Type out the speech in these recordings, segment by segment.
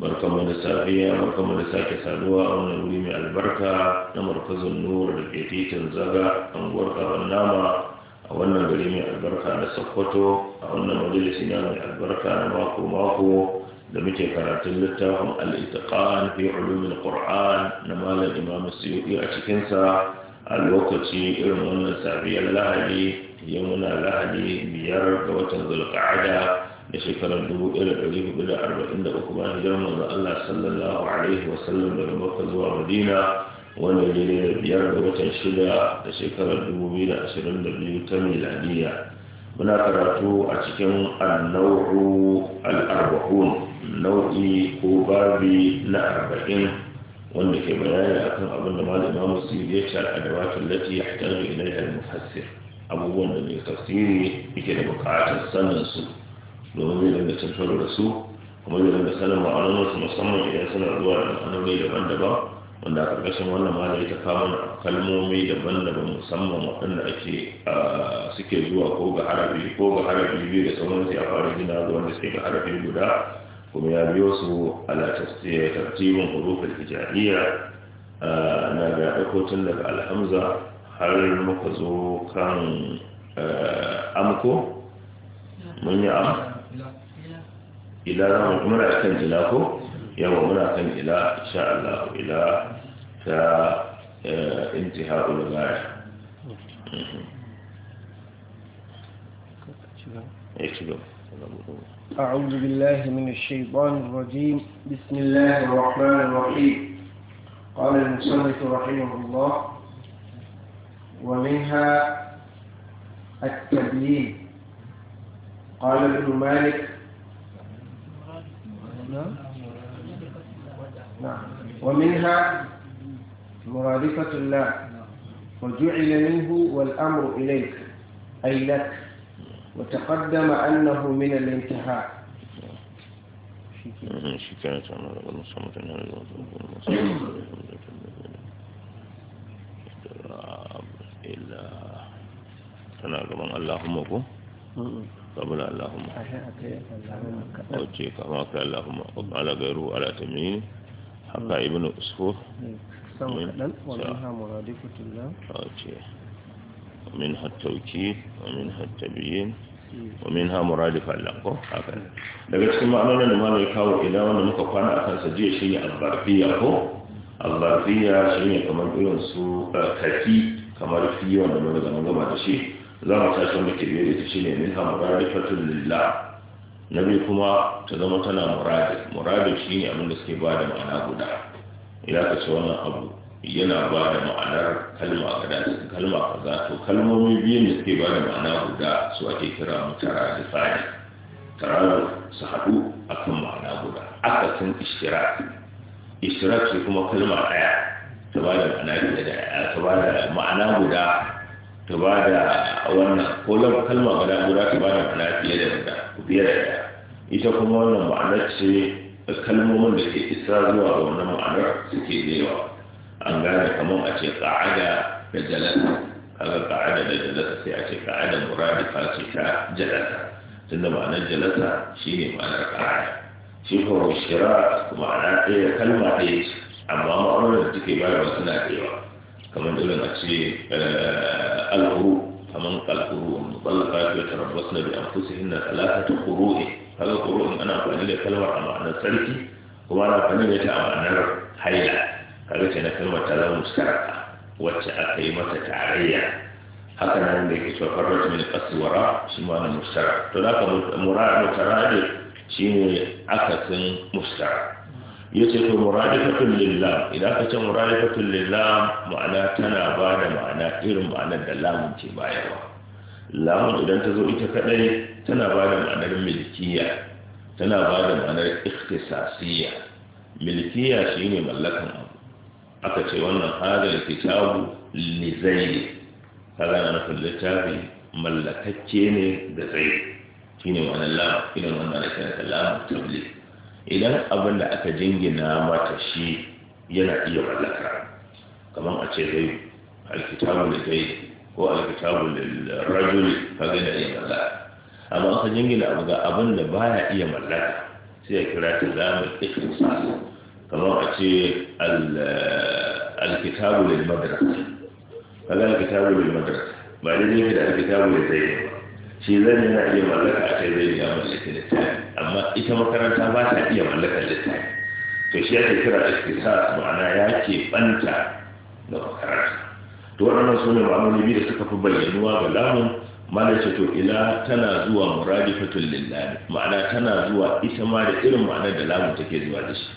barkamu da safiya barkamu da sake saduwa a wannan wuri mai albarka na markazin nur da ke titin zaga anguwar kaban nama a wannan gari mai albarka na sokoto a wannan majalisi na mai albarka na mako mako da muke karatun littafin al-itiqan fi ulumul qur'an na malam imam suyuti a cikin sa a lokaci irin wannan safiyar lahadi yau muna lahadi biyar ga watan zulqa'ada da shekarar dubu da da da arba'in 1443 bayan hijirar manzo Allah sallallahu alaihi wa sallam daga Makka zuwa Madina wanda ya da biyar da watan shida da shekarar dubu biyu da da ashirin biyu ta miladiya muna karatu a cikin annawru al nau'i ko babi na arba'in wanda ke bayani akan abin da malam Imam Suyuti ya shara a watan lati yahtaju ilayha al-mufassir abubuwan da mai tafsiri yake da bukatar saninsu. domin yi dinga cin da su kuma yi daga sanin ma'anar wasu musamman idan suna zuwa da ma'anoni daban-daban wanda a ƙarƙashin wannan ma zai ta kawo kalmomi daban-daban musamman waɗanda ake suke zuwa ko ga harafi ko ga harafi biyu da sauran sai a fara gina zuwa wanda suke ga harafi guda kuma ya biyo su ala tartibin hurufin hijabiyya na ga ɗauko tun daga alhamza har muka zo kan amko mun yi am إلى muna kan ila يوم yawa muna إلى إن شاء الله إلى آه، انتهاء الغاية أعوذ بالله من الشيطان الرجيم بسم الله الرحمن الرحيم قال المصنف رحمه الله ومنها التبيين قال ابن مالك نعم ومنها مرادفة الله وجعل منه والأمر إليك أي لك وتقدم أنه من الانتهاء شكاية أنا أقول اللهم أبو ربنا اللهم وجهك ما كان اللهم على غيره على تمين حقا ابن أسفور ومنها مرادفة الله ومنها التوكيد ومنها التبيين ومنها مرادفة الله هكذا لكن كما أمنا لما يكاو إلى وأن مكفانا أكان سجيه شيء الظرفية الظرفية شيء كما يقولون سو كفي كما رفي وأن نمنا لما نمنا za mu tashi muke biyar ita shi ne min hamurarifatun lillah na biyu kuma ta zama tana muradi muradi shi ne abinda suke ba da ma'ana guda ya ka ce wannan abu yana ba da ma'anar kalma su kalma kaza to kalmomi biyun da suke ba da ma'ana guda su ake kira mutara da tsari tararar su haɗu akan ma'ana guda akasin ishirak ishirak shi kuma kalma ɗaya ta ba da ma'ana guda ta ba da wannan ko kalma guda guda ta ba da ma'ana fiye da guda fiye da ɗaya ita kuma wannan ma'ana ce kalmomin da ke isa zuwa ga wannan ma'anar suke da yawa an gane kamar a ce ƙa'ada da jalasa kaga ƙa'ada da jalasa sai a ce ƙa'ada muradi ce ta jalasa tunda ma'anar jalasa shi ne ma'anar ƙa'ada shi kuma shira ma'ana ɗaya kalma ɗaya amma ma'anar da take bayarwa suna da yawa kamar irin a ce eh, alhuru kamar alhuru mutallaka ya tarabbas na bi anfusihin na talatatu qurui kaga qurui ana amfani da kalmar a ma'anar sarki kuma ana amfani da ta a ma'anar haila kaga ce na kalmar ta zama wacce aka yi mata tarayya haka nan da yake cewa farrat min qaswara shi ma na muskara to da ka murad shi shine akasin muskara. Yace ce to muradifatun lillah idan aka ce muradifatun lillah ma'ana tana ba da ma'ana irin ma'anar da lamun ce bayarwa lamun idan ta zo ita kadai tana ba da ma'anar milkiya tana ba da ma'anar ikhtisasiyya milkiya shine mallakan abu aka ce wannan hadal kitabu li zaid kaga na nufin littafi mallakacce ne da zaid shine ma'anar lamun irin wannan ake nufin lamun tabligh idan abin da aka jingina mata shi yana iya mallaka kamar a ce zai alkitabu da zai ko alkitabu da rajul kaga da iya mallaka amma aka jingina abu ga abin da baya iya mallaka sai ya kira ta zamu ikhtisas kamar a ce alkitabu da madrasa kaga alkitabu da madrasa ba dai ne da alkitabu da zai ba shi zan yana iya mallaka a ce zai ya da littafi amma ita makaranta ba ta iya mallakar littafi to shi ake kira ikhtisas ma'ana ya ke banta da makaranta to waɗannan su ne ma'amali biyu da suka fi bayyanuwa ga lamun mana ce to ila tana zuwa muradifatul lillahi ma'ana tana zuwa ita ma da irin ma'anar da lamun take zuwa da shi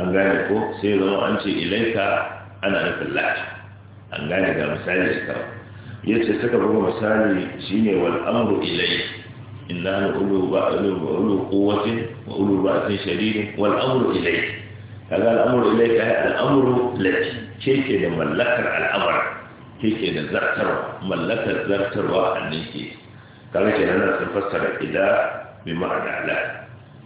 an gane ko sai zama an ce ilaika ana nufin lati an gane ga misali da kawai yace suka buga misali shine wal amru ilayka إنا لأولو قوة وأولو بأس شديد والأمر إليك هذا الأمر إليك الأمر لك كيف ملكت الأمر كيف ذكر ملكت ذكر أنك قال كنا نفسر إذا بمعنى لا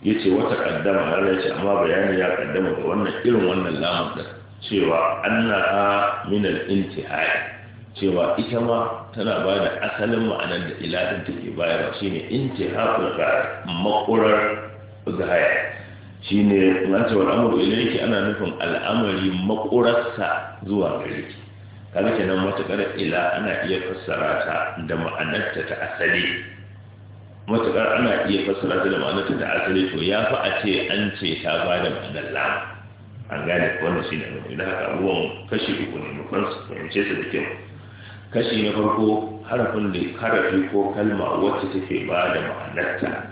yace wata kaddama Allah yace amma bayani ya kaddama ga wannan irin wannan lamun da cewa annaha min al-intihai cewa ita ma tana ba da asalin ma'anar da ilahin take bayarwa shine intihakul gaya makurar ne, shine nace wal amru ilayki ana nufin al'amari makurarsa zuwa gare ki kaga kenan matuƙar ila ana iya fassara ta da ma'anarta ta asali Matuƙar ana iya fassara ta da ma'anarta ta asali to ya fa a ce an ce ta ba da ma'anar lam an gane wannan shine ne idan haka abubuwan kashi uku ne mu fahimce su da kyau kashi na farko harafin da harafi ko kalma wacce take ba da ma'anarta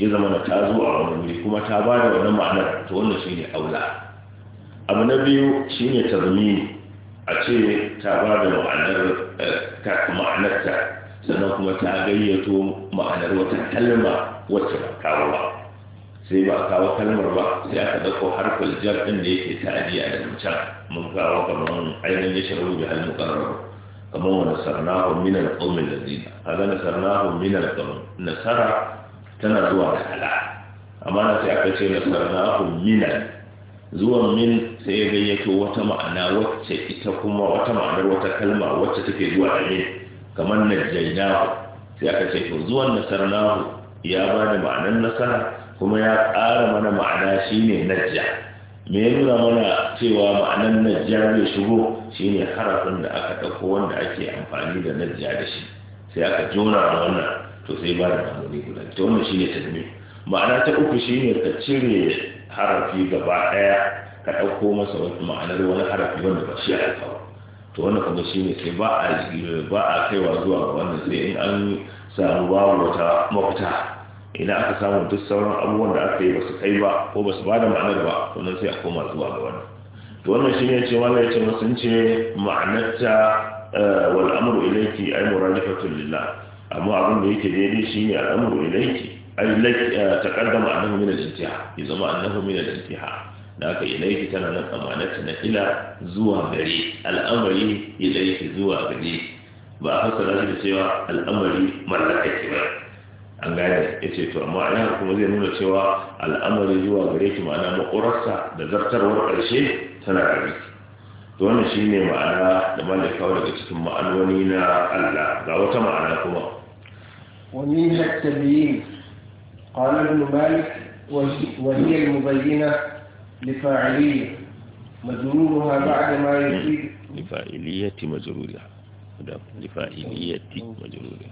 ya zama na ta zo a wani wuri kuma ta ba da wani ma'anar ta wannan shine aula abu na biyu shine tazmini a ce ta ba da ma'anar eh, ma'anarta sannan kuma ta gayyato ma'anar wata kalma wacce ba kawo ba sai ba a kawo kalmar ba sai aka dauko harkar jar ɗin da yake ta'adiya da mutum mun kawo kamar ainihin ya shiru bi halin ƙararru kamar wa nasarnahu min al-qawmi alladhina kaga nasarnahu min al-qawmi nasara tana zuwa da ala amma na sai aka ce nasarnahu min zuwan min sai ya gayyato wata ma'ana wacce ita kuma wata ma'anar wata kalma wacce take zuwa amin min kamar najjaynahu sai aka ce to zuwan nasarnahu ya ba ma'anar nasara kuma ya ƙara mana ma'ana shine najja me ya nuna mana cewa ma'anar najja zai shigo Shi ne harafin da aka ɗauko wanda ake amfani da najja da shi sai aka jona a wannan to sai ba da mamuni guda ta wannan shi ne tadmi ma'ana ta uku shi ne ka cire harafi gaba ɗaya ka ɗauko masa wani ma'anar wani harafi wanda ba shi aka kawo to wannan kuma shi ne sai ba a ba a kaiwa zuwa ga wannan sai in an samu babu wata mafita idan aka samu duk sauran abubuwan da aka yi ba su kai ba ko ba su ba da ma'anar ba to nan sai a koma zuwa ga wannan wannan shi ne ce wala ya ce sun ce ma'anarta eh, wal amru ilayki ay lillah amma abin da yake daidai shi ne al'amuru ilaiki ay lak eh, taqaddama annahu min al-intiha ya zama annahu min al-intiha da aka ilaiki tana nan amanata na ila zuwa gare al'amari ilayki zuwa gare ba a fassara shi da cewa al'amari mallaka ba an gane ya ce to amma ayyar kuma zai nuna cewa al'amari zuwa gare ki ma'ana makurarsa da zartarwar ƙarshe tana a to wannan shine ma'ana da malaka kawo daga cikin ma'anoni na Allah ga wata ma'ana kuma ومنها التبيين قال ابن مالك وهي المبينة لفاعلية مجرورها بعد ما يفيد لفاعلية مجرورها لفاعلية مجرورها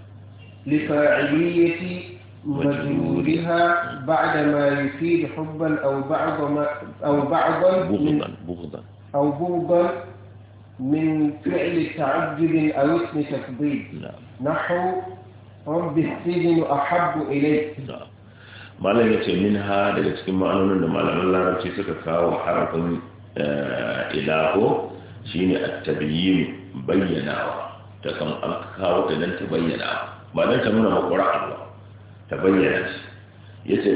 لفاعلية مجرورها بعد ما يثير حبا او بعض ما او بعضا بغضا بغضا او بغضا من فعل تعجب او اسم تفضيل لا. نعم. نحو رب السجن احب اليك لا. نعم. ما لا يأتي منها لذلك كما أنه عندما لم الله رب تسكى كاو حرف آه، إله شيني التبيين بيناه تكم أكاو تنتبيناه ما لن تمنى مقرأ الله ta bayyana shi ya ce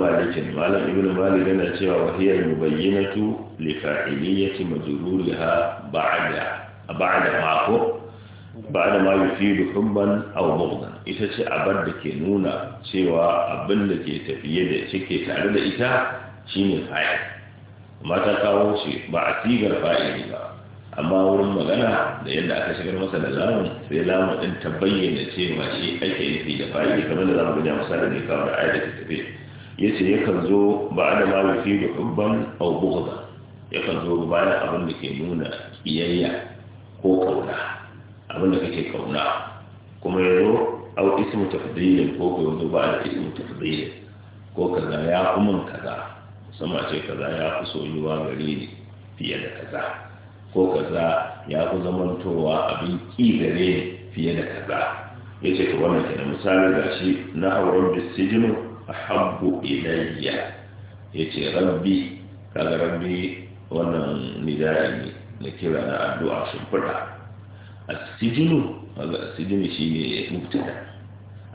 malikin malam ibnu malik yana cewa wahiyar mubayyinatu li fa'iliyyati majruriha ba'da ba'da ma ko ba'da ma yufidu hubban aw mughdan ita ce abar da ke nuna cewa abin da ke tafiye da cike tare da ita shine fa'il mata kawo shi ba a sigar fa'ili ba amma wurin magana da yadda aka shigar masa da lamun sai lamun din ta bayyana cewa shi ake nufi da fa'idi kamar da zamu gani misalin da kawo da ayat da tafi yace yakan zo ba da ma wufi da hubban aw bughda yakan zo bayan abin da ke nuna kiyayya ko kauna abin da kake kauna kuma ya zo aw ismu tafdil ko ko zo ba da ismu tafdil ko kaza ya umun kaza sama ce kaza ya fi soyuwa gare ni fiye da kaza ko kaza ya fi zamantowa abin ƙi gare fiye da kaza ya ce wannan kenan misali ga shi na auren bisijinu a habbu ilayya ya ce rabbi kaga rabbi wannan nidari na kira na addu'a sun fada a sijinu kaga a sijinu shi ne mubtada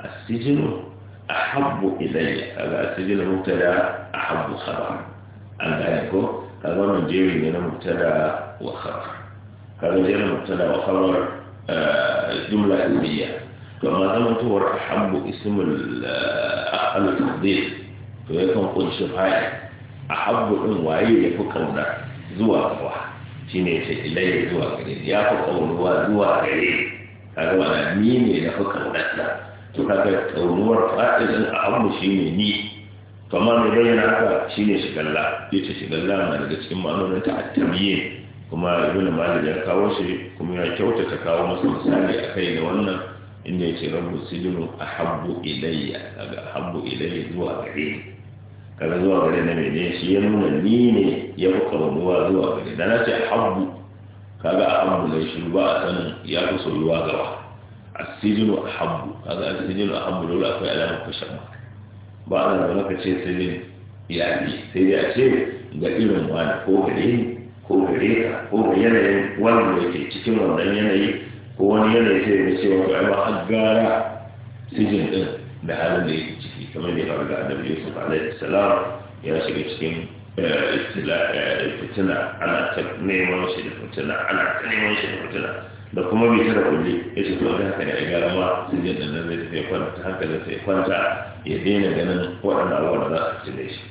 a sijinu a habbu ilayya kaga a sijinu mubtada a habbu khabar an gane ko kaga wannan jeri ne na mubtada وخبر هذا آه، غير مبتدا وخبر جملة علمية كما ظننت هو أحب اسم أقل آه، تفضيل فيكون قد شفاعي أحب إن وعي يفكرنا زوا فوا شنيت إليه زوا كريم يا هو زوا كريم هذا هو مين يفكرنا تكاد تنور فائل أحب شيني ني فما نبين هذا شنيت الله شكلا الله ما نجسم ما نتعتمين kuma ibn malik ya kawo shi kuma ya kyautata kawo masa misali a kai da wannan inda ya ce rabu sijinu a habbu ilayya daga habbu ilayya zuwa gare ni kaga zuwa gare na mene shi ya nuna ni ne ya fi karuwa zuwa gare da na ce habbu kaga a habbu ne shi ba a sanin ya fi soyuwa gaba a sijinu a habbu kaga a sijinu a habbu dole akwai alamar kushen ba a nan da maka ce sijin ya bi sai dai a ce ga irin wani ko gare ni ko gare ka ko yanayin wanda yake cikin wannan yanayi ko wani yanayi sai ya cewa ko amma a gara sijin din da halin da yake ciki kamar da faru da annabi Yusuf alaihi salam ya shiga cikin eh, eh, fitina ana ta neman shi da fitina ana ta neman shi da fitina da kuma bai tara kulle ya ce to da haka ne a gara ma sijin din nan zai tafi kwanta hankalin sai kwanta ya daina ganin waɗannan abubuwan da za su ci da shi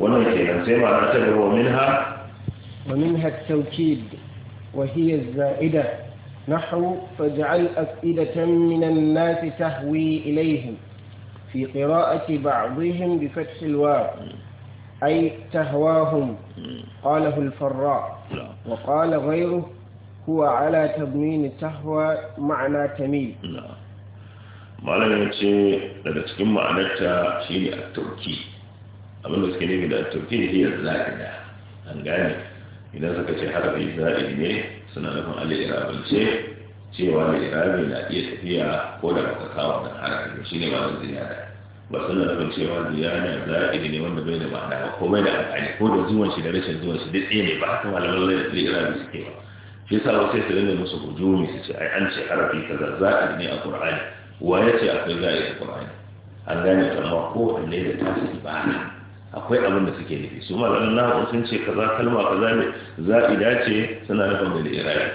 wannan kenan sai ma ta gaba min ha ومنها التوكيد وهي الزائدة نحو فاجعل أفئدة من الناس تهوي إليهم في قراءة بعضهم بفتح الواو أي تهواهم قاله الفراء وقال غيره هو على تضمين تهوى معنى تميل malam ya ce daga cikin ma'anarta shi ne a turki idan suka ce harafi isra'ili ne suna nufin ce. cewa al-irabi na iya tafiya ko da baka kawo wannan harafi shi ne ba ziyara ba suna nufin cewa ziyara za'iri ne wanda bai da ma'ana ba ko bai da amfani ko da zuwan shi da rashin zuwan shi duk ne ba haka malaman al'irabi suke ba shi sa wasu sai su rinda musu hujumi su ce ai an ce harafi kaza za'iri ne a qur'ani wa ya ce akwai za'iri a qur'ani an gane kamar ko wanne da tasiri ba akwai abin da suke nufi su malamin nahu sun ce kaza kalma kaza ne za'ida ce suna nufin bil ira'i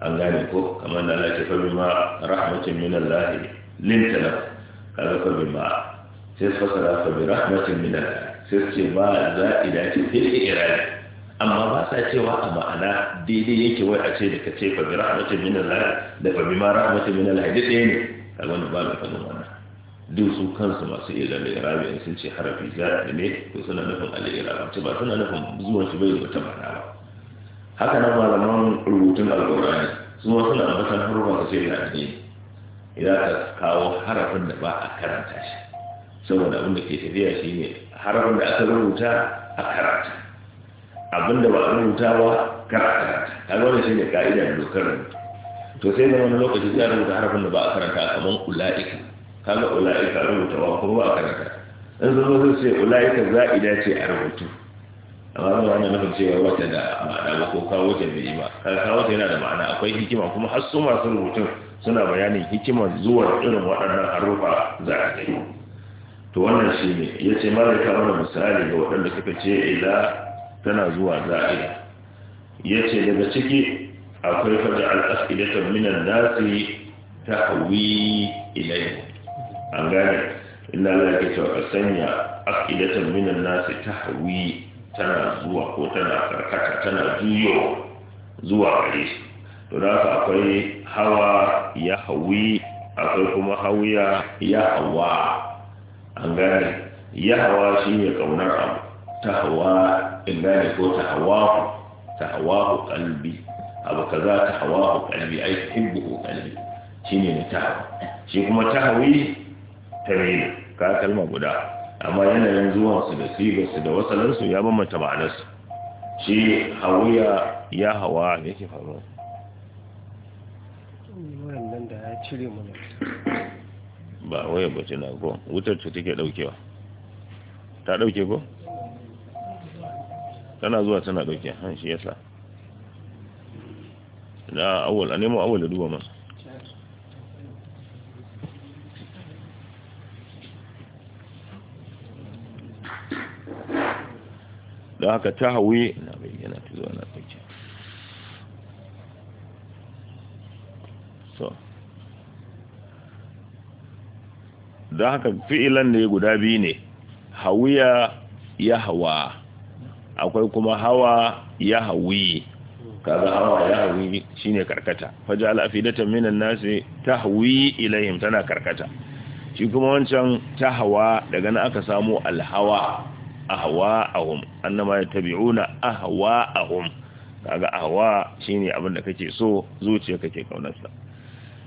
an gane ko kamar da Allah ke fa bima rahmatin min Allah lintana kaza fa bima sai su fasara fa bi rahmatin min Allah sai su ce ba za'ida ce bil ira'i amma ba sa cewa a ma'ana daidai yake wai a ce da ka ce fa bi rahmatin min Allah da fa bima rahmatin min Allah duk ɗaya ne kaga wannan ba mai fadin duk su kansu masu iya zama irabi in sun ce harafi za a ne ko suna nufin al ce ba suna nufin zuwan shi bai wata ma'ana ba haka nan malaman rubutun alqur'ani su ma suna ambatan harufa su ce da ne idan ka kawo harafin da ba a karanta shi saboda abin da ke tafiya shine harafin da aka rubuta a karanta abin da ba a rubuta ba karanta kaga wannan shine ka'idar dokar to sai da wani lokaci za a rubuta harafin da ba a karanta kamar ula'ika kaga ula'ika rubuta wa ko ba karanta in zama zai ce ula'ika za'ida ce a rubutu amma ba wannan nufin cewa wata da ma'ana ba ko kawo ta bai yi ba kaga kawo yana da ma'ana akwai hikima kuma har su masu rubutun suna bayanin hikimar zuwa irin waɗannan harufa za a gani to wannan shi ne ya ce mara misali ga waɗanda suka ce ila tana zuwa za'ida ya ce daga ciki akwai faɗi al'afidatan minan nasi ta hawi ilai an gane inda Allah yake cewa ka sanya aqidatan minan nasi tahwi tana zuwa ko tana karkata tana juyo zuwa gare shi to da haka akwai hawa ya hawi akwai kuma hawiya ya hawa an gane ya hawa shi ne kaunar abu ta hawa in gane ko ta hawahu ta hawahu kalbi abu kaza ta hawahu kalbi ai hibbu kalbi shine ne ta shi kuma ta hawi ta raina ka kalma guda amma yanayin su da su da wasalansu ya bambanta ma'anarsu shi hawiya ya hawa yake ke faruwa ba waya bace na ko wutar ce take daukewa ta dauke ko tana zuwa tana dauke han shi yasa na awwal a nemo awwal da duba masu da haka ta hawi na bayyana ta zo na so da haka fi'ilan da guda biyu ne hawiya ya hawa akwai kuma hawa ya hawi kaga hawa ya hawi shine karkata faja al'afidatan minan nasi tahwi ilaihim tana karkata shi kuma wancan ta hawa daga na aka samu alhawa ahwa'ahum annama yattabi'una ahwa'ahum kaga ahwa shine abin da kake so zuciya kake sa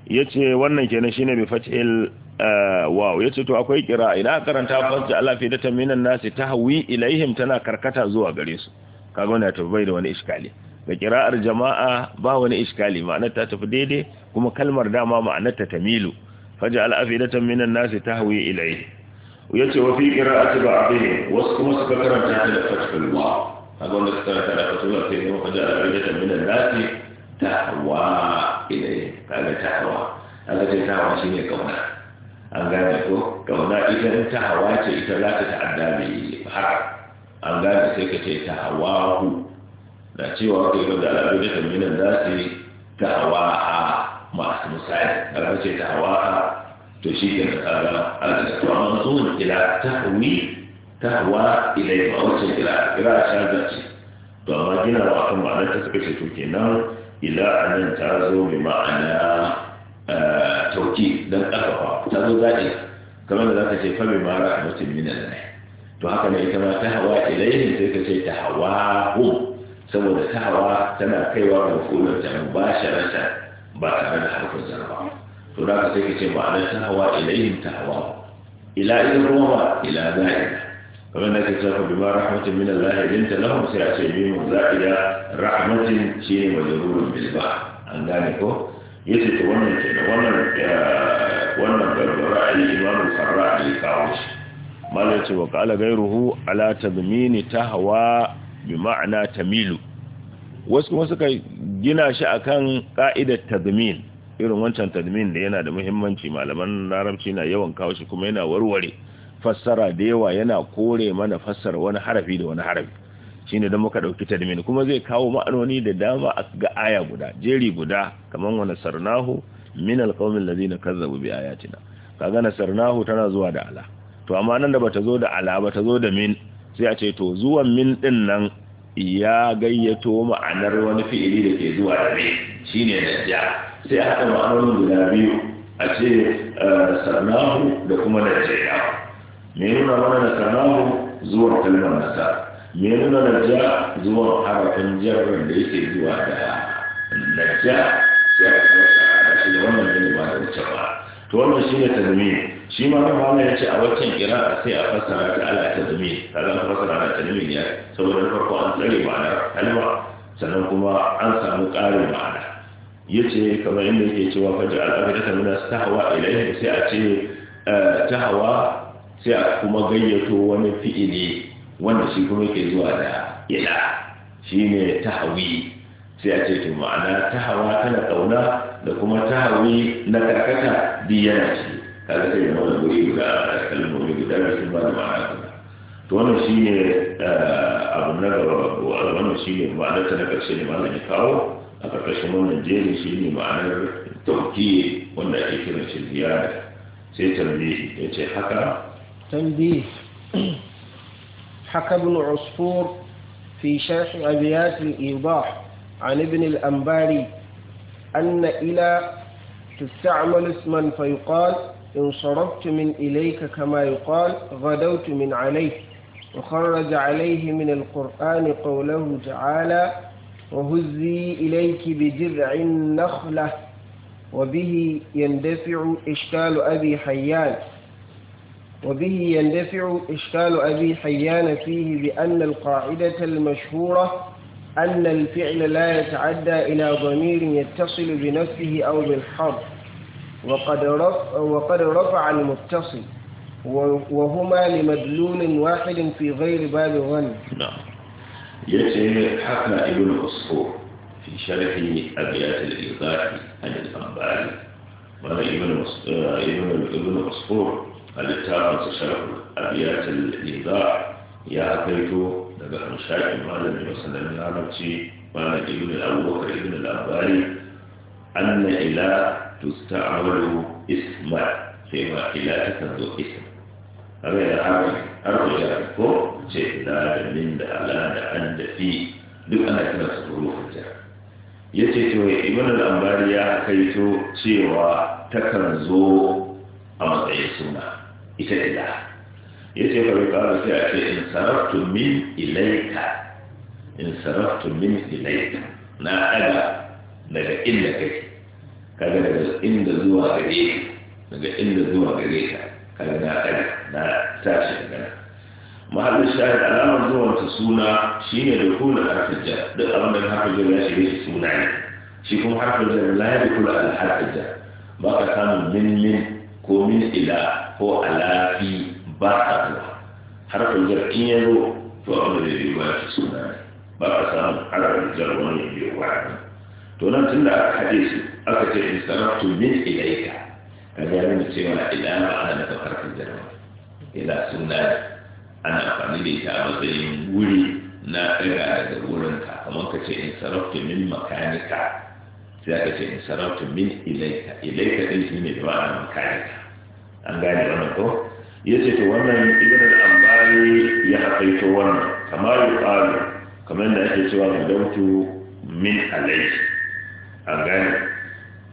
yace wannan kenan shine bi fatil eh, waw yace to akwai kira ina karanta fasta Allah fi datta minan nasi tahwi ilaihim tana karkata zuwa gare su kaga wannan bai da wani iskali da kira'ar jama'a ba wani iskali ma'anar ta tafi daidai kuma kalmar dama ma'anar ta tamilu faja'al afidatan minan nasi tahwi ilaihi ya ce wafi ƙira'ati ba abin wasu kuma suka karanta ta da fatul ma a gwamna suka karanta da fatul ma sai kuma fajar abin da minan nasi ta hawa ilai kaga ta hawa kaga ta hawa shi ne kauna an gane ko kauna ita ta hawa ce ita za ta ta'adda mai har an gane sai ka ce ta hawa hu da cewa kai ga da abin da za nasi ta hawa a masu misali kaga ce ta hawa a تشير آه، الترمضون إلى تهوي تهوى إليه وأوصل إلى إلى شابتي فما جينا وأكم معنى تثبت تركينا إلى أن تازو بمعنى آه، توكيد لن اقرا تازو ذلك كما ذاك شيء فبما رحمة من الله فهكذا كما تهوى إليه تلك شيء تهواه سوى تهوى تنا كيوا مفعولا مباشرة بعد tare حرف harfin to da ka sai ka ce ma'anar ta hawa ilayhim ta hawa ila idan kuma ba ila za'ida kamar da ke cewa bi ma rahmatin min Allah idan ta lahum sai a ce bi mu za'ida rahmatin shine majrurun bil ba an gane ko yace to wannan ke wannan eh, wannan barbara al-imam al-farra al-kawi malam ce wa qala ghayruhu ala tadmini tahwa bi ma'ana tamilu wasu kuma suka gina shi akan ka'idar tadmin irin wancan tadmin da yana da muhimmanci malaman larabci na yawan kawo shi kuma yana warware fassara da yawa yana kore mana fassara wani harafi da wani harafi shi ne da muka dauki tadmin kuma zai kawo ma'anoni da dama ga aya guda jeri guda kamar wani sarnahu min alqawmin ladina kazzabu bi ayatina kaga nasarnahu tana zuwa da ala to amma nan da bata zo da ala bata zo da min sai a ce to zuwan min din nan ya gayyato ma'anar wani fi'ili da ke zuwa da min shine najja sai a haɗa ma'anonin guda biyu a ce eh, sarnahu da kuma najjaya mai nuna mana da sarnahu zuwa kalmar nasa mai nuna najja zuwa harafin jarrar da yake zuwa da najja sai a kuma shi da wannan gani ba da wuce ba to wannan shi ne tazmi shi ma kan mana ya ce a waccan kira sai a fassara ta ala tazmi kaga an fassara ala tazmi ne saboda farko an tsare ma'anar kalma sannan kuma an samu ƙarin ma'ana yace kamar inda yake cewa faja al'afidata mina tahwa ilaihi sai a ce eh, tahwa sai a kuma gayyato wani fi'ili wanda shi kuma yake zuwa da ila shine tahwi sai a ce to ma'ana tahawa tana kauna da kuma hawi na karkata biyana ce kaga sai da wani guri guda kalmomi guda da sun ba da ma'ana guda to wannan shine eh, abu na gaba wannan shine ma'ana ta na karshe ne ma'ana ya kawo a ƙarƙashin سيني jeri shi ne ma'anar سيديان سي تنبيه يتي حكا تنبيه sai tambihi حكى ابن عصفور في شرح أبيات الإيضاح عن ابن الأنباري أن إلى تستعمل اسما فيقال انصرفت من إليك كما يقال غدوت من عليك وخرج عليه من القرآن قوله تعالى وهزي إليك بجذع النخلة وبه يندفع إشكال أبي حيان وبه يندفع إشكال أبي حيان فيه بأن القاعدة المشهورة أن الفعل لا يتعدى إلى ضمير يتصل بنفسه أو بالحرف وقد رفع, وقد رفع المتصل وهما لمدلول واحد في غير باب غنم نعم يشير حتى ابن عصفور في شرح ابيات الايضاح عن الامبالي قال آه، ابن ابن عصفور قال تعالى شرح ابيات الايضاح يا اخيك لقد مشاكل ما لم يوصل لم يعرف شيء ابن ابو ابن الامبالي ان اله تستعمل اسما فيما اله تسند اسما haka da arja ko ce la da min da ala da an da fi duk ana kira su hurufin jar ya ce to ibn al-ambari ya kaito cewa takan zo a matsayin suna ita ila ya ce kawai kawai sai a ce in sarraftu min ilaika in sarraftu min ilaika na aga daga inda kake kaga daga inda zuwa gare daga inda zuwa gare kaga na ɗari na tashin gana mahallin shahid alamar zuwan suna shine da kula harfin jar duk abin da harfin jar ya shige shi suna ne shi kuma harfin jar la ya kula al harfin jar ba ka samun min min ko min ila ko alafi ba ka zuwa harfin jar in ya zo to abin da zai ba shi suna ne ba ka samun harfin jar wani biyu biyo ba to nan tun da aka haɗe su aka ce in sarrafa min ilaika kaga yana cewa idan ana da farkon jarawa ila sunna ana amfani da ita a matsayin wuri na ɗaga daga wurinka kamar ka ce in sarrafa min makanika sai aka ce in sarrafa min ilaika ilaika ɗin shi ne da a makanika an gane wannan ko ya ce to wannan idan al-ambari ya haƙaito wannan kamar ya ƙalu kamar da ake cewa mu dautu min alaihi an gane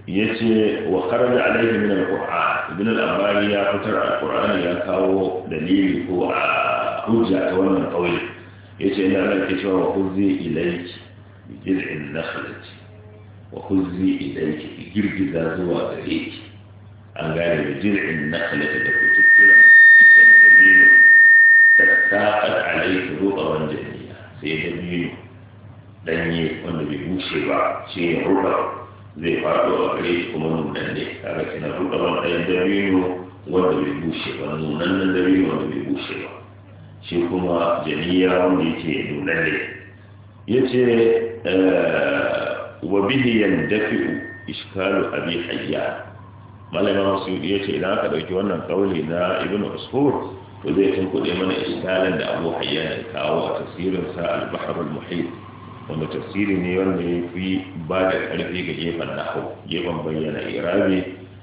ya ce wa kharaja alaihi min al-qur'an ibn al abari ya fitar al-qur'an ya kawo dalili ko a hujja ta wannan kauli ya ce ina Allah ke cewa wa khuzzi ilayki bi jiz'in nakhlati wa khuzzi ilayki bi girgiza zuwa gare ki an gane bi jiz'in nakhlati da kututtura ita da dalili da sa'at alaihi ruqawan jami'a sai dalili danye wanda bai bushe ba shi ne ruqawan zai faɗo a kai kuma nunan ne kaga kina ruɗa wannan dabino wanda bai bushe ba nunan dabino wanda bai bushe ba shi kuma jami'a wanda yake nunan ne ya ce eh, wa bihiyan dafi'u iskalu abi hayya malama su yace idan aka ɗauki wannan kauli na ibn usfur to zai tunkuɗe mana iskalin da abu hayya ya kawo a tasirinsa al al muhit wanda tafsiri ne wanda ya fi ba da ƙarfi ga gefen nahu gefen bayyana irabi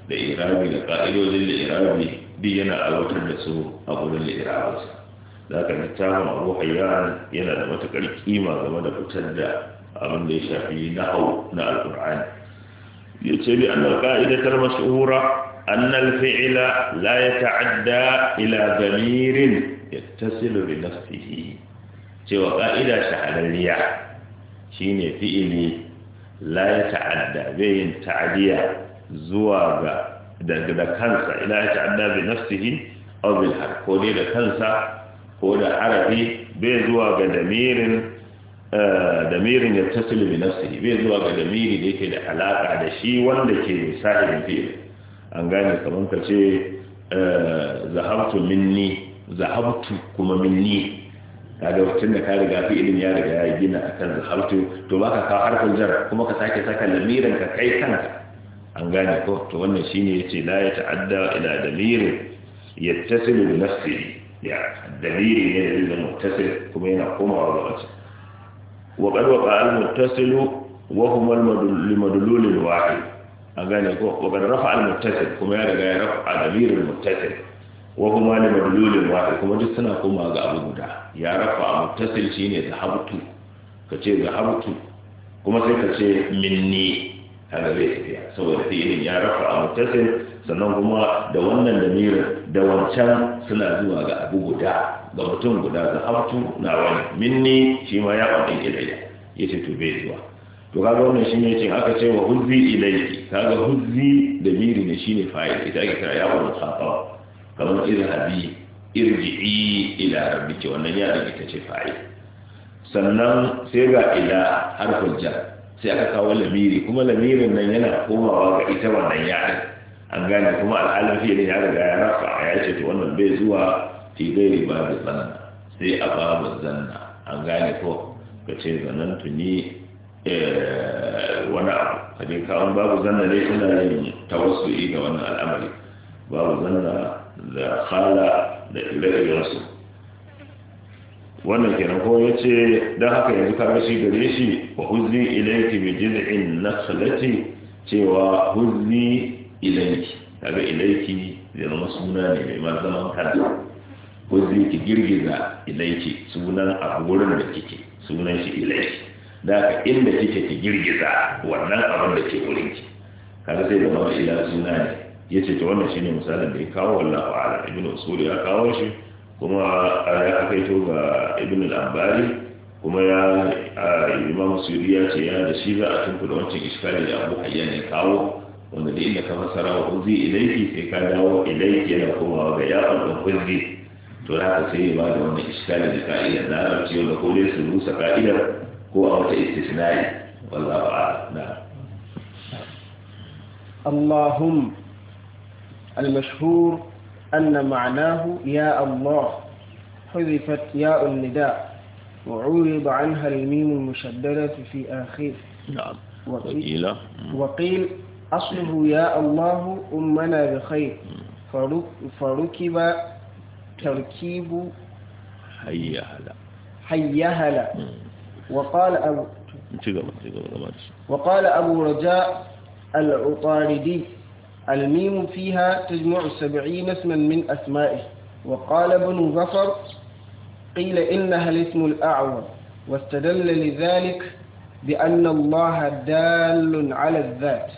da irabi da ƙa'idojin da irabi duk yana aiwatar da su a gudun da irabinsa da haka littafin abu hayyan yana da matuƙar kima game da fitar da abin da ya shafi nahu na alƙur'ani ya ce bi annal ƙa'idatar mas'ura annal fi'ila la ya ta'adda ila zamirin yattasilu bi nafsihi cewa ƙa'ida shahararriya shine fi'ili la ya ta'adda bai yin ta'adiya zuwa ga da kansa ila ya ta'adda bi nafsihi aw bil ko dai da kansa ko da harafi bai zuwa ga damirin eh, damirin ya tasilu bi nafsihi bai zuwa ga damiri da yake da alaka da shi wanda ke sahibin fi'ili an gane kamar ka ce eh, zahabtu minni zahabtu kuma minni kaga wacin da ka riga fi ilimi ya riga ya gina akan zahabtu to ba ka kawo harfin jar kuma ka sake saka lamirin ka kai kanka an gane ko to wannan shine yace la ya ta'adda ila damir yattasilu bi nafsihi ya dalilin ne da zai muttasil kuma yana komawa ga wace wa qad waqa al muttasilu wa huma al madlul al wahid an gane ko wa qad rafa al muttasil kuma ya riga ya rafa damir muttasil wa huma li madlulin wahid kuma duk suna koma ga abu guda ya rafa habtu shine zahabtu kace zahabtu kuma sai ka ce minni kaga zai tafiya saboda fi'ilin ya rafa a mutasil sannan kuma da wannan da damirin da wancan suna zuwa ga abu guda ga mutum guda ga habtu na wani minni shi ma ya faɗin ilayya ya ce to bai zuwa to kaga wannan shi ne ce aka ce wa huzzi ilayki kaga huzzi da miri ne shine fa'il ita ake kira ya faɗin kamar irhabi irji'i ila rabbiki wannan ya daga ita ce fa'il sannan sai ga ila harfin jar sai aka kawo lamiri kuma lamirin nan yana komawa ga ita wannan ya an gane kuma al'alam fiye ne ya riga ya rafa ya ce to wannan bai zuwa fi gairi babu zanna sai a babu zanna an gane ko ka ce zanen tuni eh, wani abu kaje kawo babu zanna ne suna yin tawassuli ga wannan al'amari babu zanna da khala da ire wannan kenan ko ya ce don haka yanzu ka shi gare shi wa huzni ilaiki bi jiz'in nakhlati cewa huzni ilaiki kaga ilaiki zai zama suna ne mai ma zaman kansa ki girgiza ilaiki sunan a wurin da kike sunan shi ilaiki da haka inda kike ki girgiza wannan abin da ke wurin ki kaga sai shi ila suna ne ya ce ta wannan shi ne misalin da ya kawo wallahu ala ibn usuri ya kawo shi kuma ya kaito ga ibn al-ambari kuma ya imam usuri ya ce ya da shi za a tunku da wancan iskali da abu hayyan ya kawo wanda da inda ka fasara wa uzi ilaiki sai ka dawo ilaiki yana komawa ga ya ɗan uzi to da haka sai ya ba da wannan iskali da ka'idar na arabci wanda ko dai su rusa ka'idar ko a wata istisnai wallahu ala. na اللهم المشهور أن معناه يا الله حذفت ياء النداء وعوض عنها الميم المشددة في آخر نعم وقيل, وقيل أصله يا الله أمنا بخير فركب تركيب حيهلا حيهلا وقال أبو وقال أبو رجاء العطاردي الميم فيها تجمع سبعين اسما من أسمائه وقال ابن ظفر قيل إنها الاسم الأعور واستدل لذلك بأن الله دال على الذات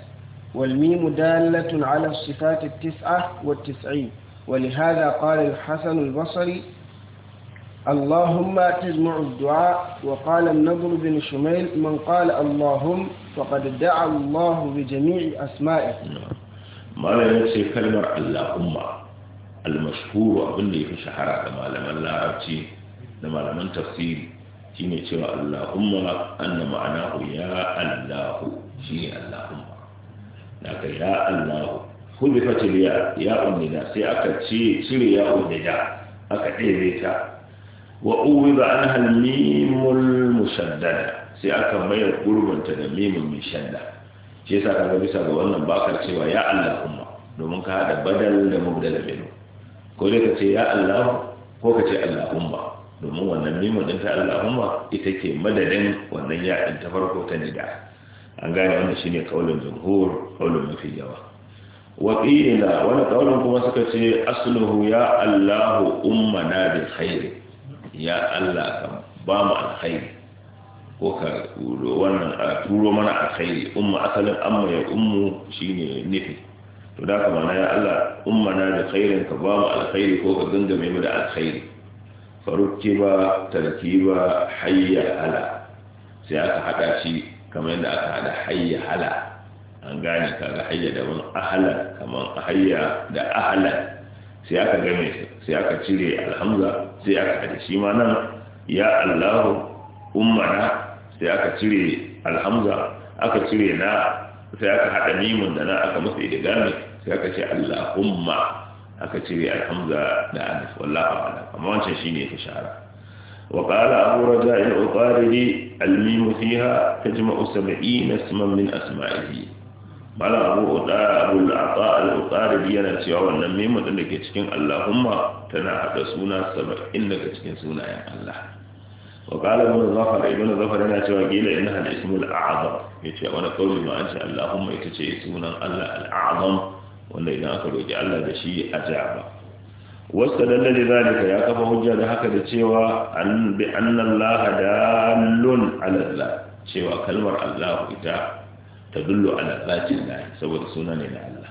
والميم دالة على الصفات التسعة والتسعين ولهذا قال الحسن البصري اللهم تجمع الدعاء وقال النضر بن شميل من قال اللهم فقد دعا الله بجميع أسمائه malamin ce kalmar allahumma almashhuru abinda ya fi shahara da malaman larabci da malaman tafsiri shine cewa allahumma anna ma'anahu ya allahu shine allahumma daga ya allahu hudifat ya ya ummina sai aka ce cire ya ummina aka ɗebe ta wa uwiba anha al-mimul musaddada sai aka mayar gurbanta da mimun mai shadda shi yasa kaga bisa ga wannan baka cewa ya Allah umma domin ka hada badal da mubdal minhu ko dai ka ce ya Allah ko ka ce umma' domin wannan mimun din ta Allahumma ita ke madadin wannan ya din ta farko ta nida an gane wannan shine kaulin jumhur kaulin mafi yawa wa qila wani kaulin kuma suka ce asluhu ya umma na bi khair ya Allah ka ba mu alkhairi ko ka turo wannan a turo mana alkhairi umma asalin amma ya ummu shine nufi to da kuma na ya Allah umma na da khairin ka ba mu alkhairi ko ka gangame mu da alkhairi farukiba tarkiba hayya ala sai aka hada shi kamar yadda aka hada hayya hala an gane ka kaga hayya daban ahalan kamar hayya da ahalan sai aka game sai aka cire alhamza sai aka hada shi ma nan ya Allah umma na. sai aka cire alhamza aka cire na sai aka haɗa mimun da na aka masa idigami sai aka ce allahumma aka cire alhamza da alif wallahu a'lam amma wancan shine ta shahara wa qala abu raja' al-uqaridi al-mim fiha tajma'u 70 isman min asma'ihi mala abu da abu al-ata al-uqaridi yana cewa wannan mim da ke cikin allahumma tana haɗa suna 70 daga cikin sunayen allah وقال ابن ظفر ابن ظفر yana cewa gila inna al ismu al a'zam yace wani kauli ma an ce Allahumma ita ce sunan Allah al a'zam wanda idan aka roki Allah da shi ajaba wasta dalla da zalika ya kafa hujja da haka da cewa an bi anna Allah dalun ala Allah cewa kalmar Allah ita tadullu ala zatin Allah saboda suna ne na Allah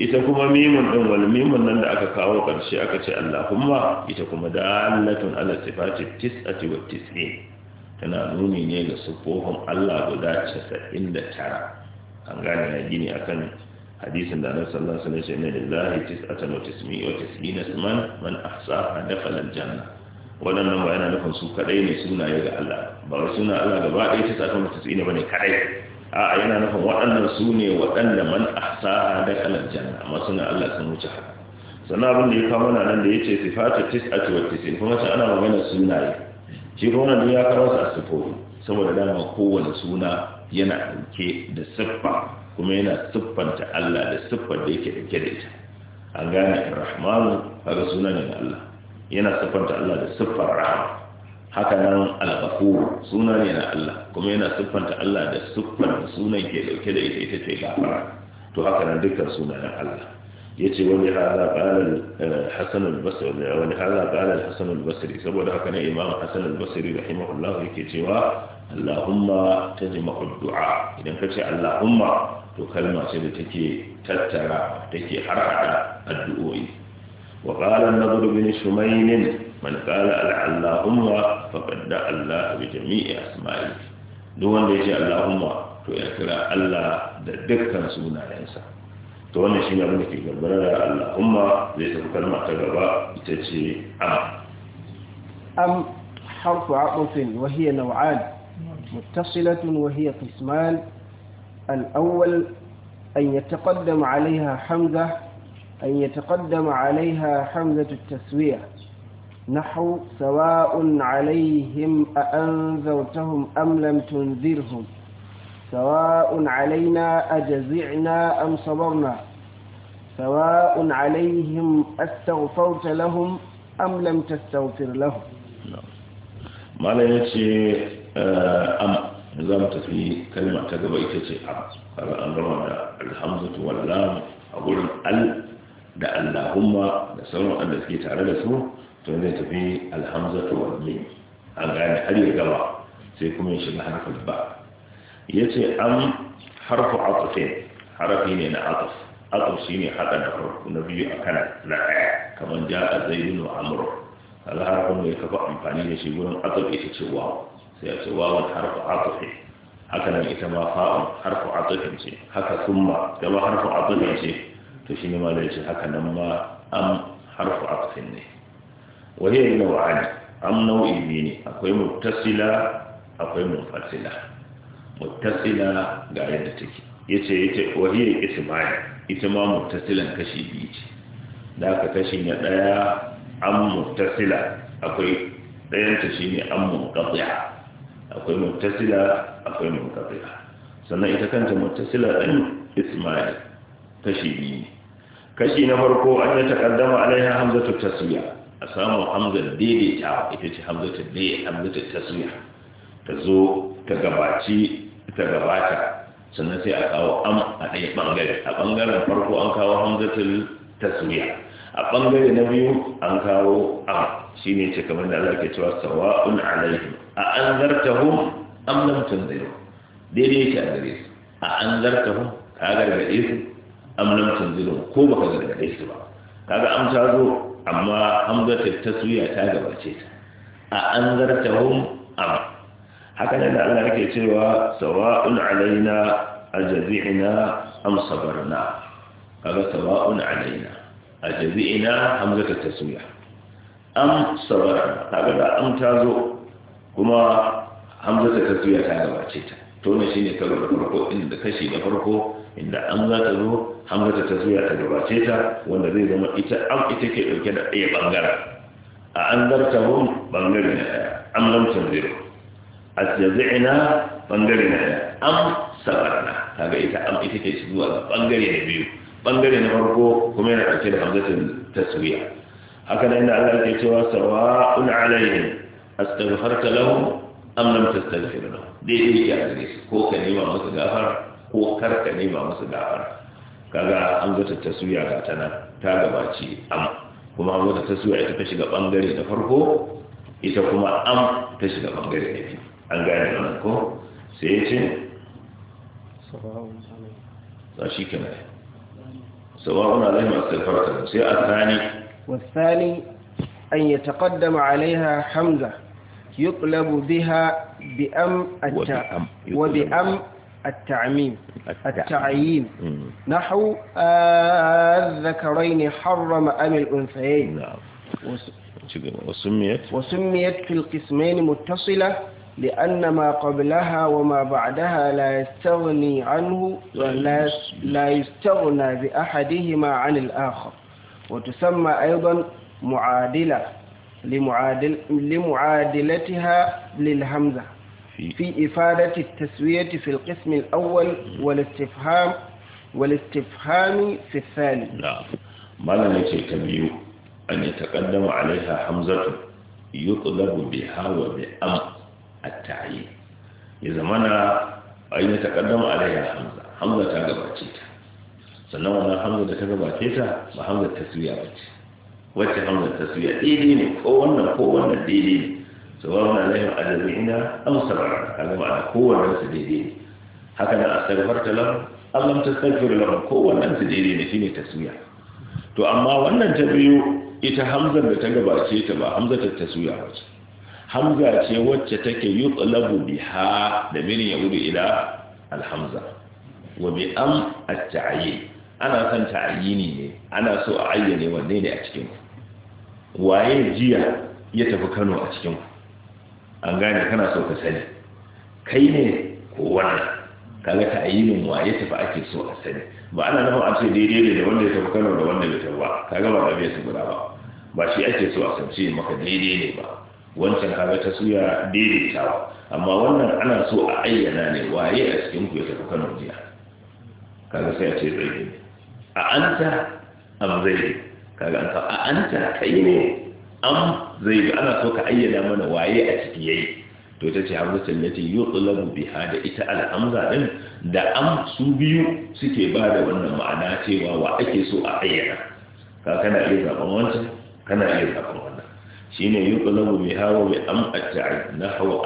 ita kuma mimun din wal mimun nan da aka kawo karshe aka ce Allahumma ita kuma dalatun ala sifati tis'ati wa tis'in tana nuni ne ga sufofin Allah guda 99 an gane ya gini akan hadisin da Annabi sallallahu alaihi wasallam ya ce lillahi tis'atan wa tis'in wa tis'in man man ahsaha dakhala aljanna wadannan ba yana nufin su kadai ne sunaye ga Allah ba wai suna Allah gaba ɗaya tis'atan wa tis'in bane kadai a yana nufin waɗannan su ne waɗanda man ahsaha da kalan amma suna Allah sun wuce haka sannan abin da ya kawo mana nan da ya ce sifatu tis'atu tis in kuma ana magana sunaye shi kuma nan ya kawo sa sifofi saboda dama kowane suna yana ɗauke da siffa kuma yana siffanta Allah da siffar da yake ɗauke da ita an gane rahmanu kaga suna ne na Allah yana siffanta Allah da siffar rahama haka nan al suna ne na Allah kuma yana siffanta Allah da siffar sunan ke dauke da ita ita ce gafara to haka nan dukkan sunayen Allah yace wani hada qala eh, hasan al-basri wani hada qala hasan al-basri saboda haka nan imam hasan al yake cewa Allahumma tajma'u du'a idan kace Allahumma to kalma ce da take tattara take harhaɗa addu'o'i wa qala an bin من قال اللهم فقد دعا الله بجميع أسمائه دون ديجا اللهم تو يكرا الله دك كان سونا ينسى تو أنا شيء أبغى نكى قبل لا اللهم ليس كلمه تجربة تجي أم أم حرف عطف وهي نوعان متصلة وهي قسمان الأول أن يتقدم عليها حمزة أن يتقدم عليها حمزة التسوية نحو سواء عليهم أأنذرتهم أم لم تنذرهم سواء علينا أجزعنا أم صبرنا سواء عليهم أستغفرت لهم أم لم تستغفر لهم نعم. ما لا يتي آه، أم نظام في كلمة تقبع يتي أم قال أنظرنا الحمزة واللام أقول ال دعنا هما da أن wanda suke tare to zai tafi alhamzatu wani an gane har yi gaba sai kuma ya shiga harfin ba ya ce an harfu atufin harafi ne na atuf atuf shi ne haɗa na farko na biyu a kana na ɗaya kamar ja a zaidun wa amur kaga harfin ya kafa amfani da shi wurin atuf ita ce wawa sai a ce wawan harfu atufin haka nan ita ma fa'un harfu atufin ce haka summa gaba harfu atufin ce to shi ne ma da ya ce haka nan ma an harfu atufin ne yi hiya wa'ani an nau'i ne akwai mutasila akwai mutasila mutasila ga yadda take ce ya ce wahiyar isma'il ita ma mutasilan kashi biyu ce da aka kashi na daya an mutasila akwai ɗayanta shi ne an mutasila akwai mutasila akwai mutasila sannan ita kanta mutasila ɗin ismail kashi biyu ne kashi na farko an yi taƙaddama alaiha hamzatu taswiya samu hamzar daidaitawa ita ce hamzar hamzar taswiya ta zo ta gabaci ta gabata sannan sai a kawo am a ɗaya ɓangare a ɓangaren farko an kawo hamzatul taswiya a ɓangare na biyu an kawo am shi ne ce kamar da Allah ke cewa sawa'un alaihim a an zartahum am lam tunziru daidai ta a gare su a an zartahum ka gargaɗe su am lam tunziru ko baka gargaɗe su ba kaga am zo amma hamzatul taswiya ta gabace ta a anzartahum am haka ne da Allah yake cewa sawa'un alaina ajzina am sabarna kaga sawa'un alaina ajzina hamzatul taswiya am sabarna kaga da am ta zo kuma hamzatul taswiya ta gabace ta to ne shine karo da farko inda kashi da farko inda an za ta zo hamzata ta zuya ta gabace ta wanda zai zama ita am ita ke dauke da ɗaya bangaren a an zarta hun bangare na ɗaya am lam tanziru a na bangare na ɗaya am sabarna kaga ita am ita ke zuwa ga bangare na biyu bangare na farko kuma yana ake da ta taswiya haka nan inda Allah ke cewa sawa'un alaihim astaghfarta lahum am lam tastaghfir lahum dai dai ya gare ko ka nema masa gafara ko karka ne ba musu gafara kaga an zata taswiya ga ta nan ta gabaci am kuma an zata taswiya ita ta shiga bangare da farko ita kuma am ta shiga bangare ne an gane wannan ko sai ya ce a shi an sawa'un alaihim astaghfirata sai athani والثاني hamza يتقدم عليها حمزة يقلب بها wa bi am التعميم التعيين نحو آه، الذكرين حرم أم الأنثيين نعم وسميت وسميت في القسمين متصلة لأن ما قبلها وما بعدها لا يستغني عنه ولا لا يستغنى بأحدهما عن الآخر وتسمى أيضا معادلة لمعادل لمعادلتها للهمزة في إفادة التسوية في القسم الأول والاستفهام والاستفهام في الثاني نعم ما لنتي تبيو أن يتقدم عليها حمزة يطلب بها وبأم التعيين إذا منا أن يتقدم عليها حمزة حمزة تقبعتيتا sannan wannan hamza da ta gabace ta ba hamza taswiya ba ce wacce hamza taswiya daidai ne ko wannan ko wannan daidai ne tsawon alayyar alamina ina sarara alamu a kowane su daidai ne haka na astagfar talar allah ta tsarfiri lamar kowane su daidai ne shine taswiya to amma wannan ta biyu ita hamzar da ta gabace ta ba Hamza ta taswiya wace hamza ce wacce take yi tsalabu biha da mini ya wuri ila alhamza wa bi am ana son ta'ayi ne ana so a ayyane wanne ne a cikin waye jiya ya tafi kano a cikin an gane kana so ka sani kai ne ko wannan kaga ta ayyukan waye tafi ake so a sani ba ana nufin a ce daidai ne da wanda ya tafi Kano da wanda ya tafi ba kaga ba da bai guda ba ba shi ake so a sance maka daidai ne ba wancan kaga ta suya ba. amma wannan ana so a ayyana ne waye a cikin ku ya tafi Kano jiya kaga sai a ce zai a anta am zai kaga ta a anta kai ne am zai ga ana so ka ayyana mana waye a ciki yayi to ta ce hamzatul lati yutlabu biha da ita alhamza din da am su biyu suke ba da wannan ma'ana cewa wa ake so a ayyana ka kana iya zaban wancan kana iya zaban wannan shine yutlabu biha wa bi am at'a nahwa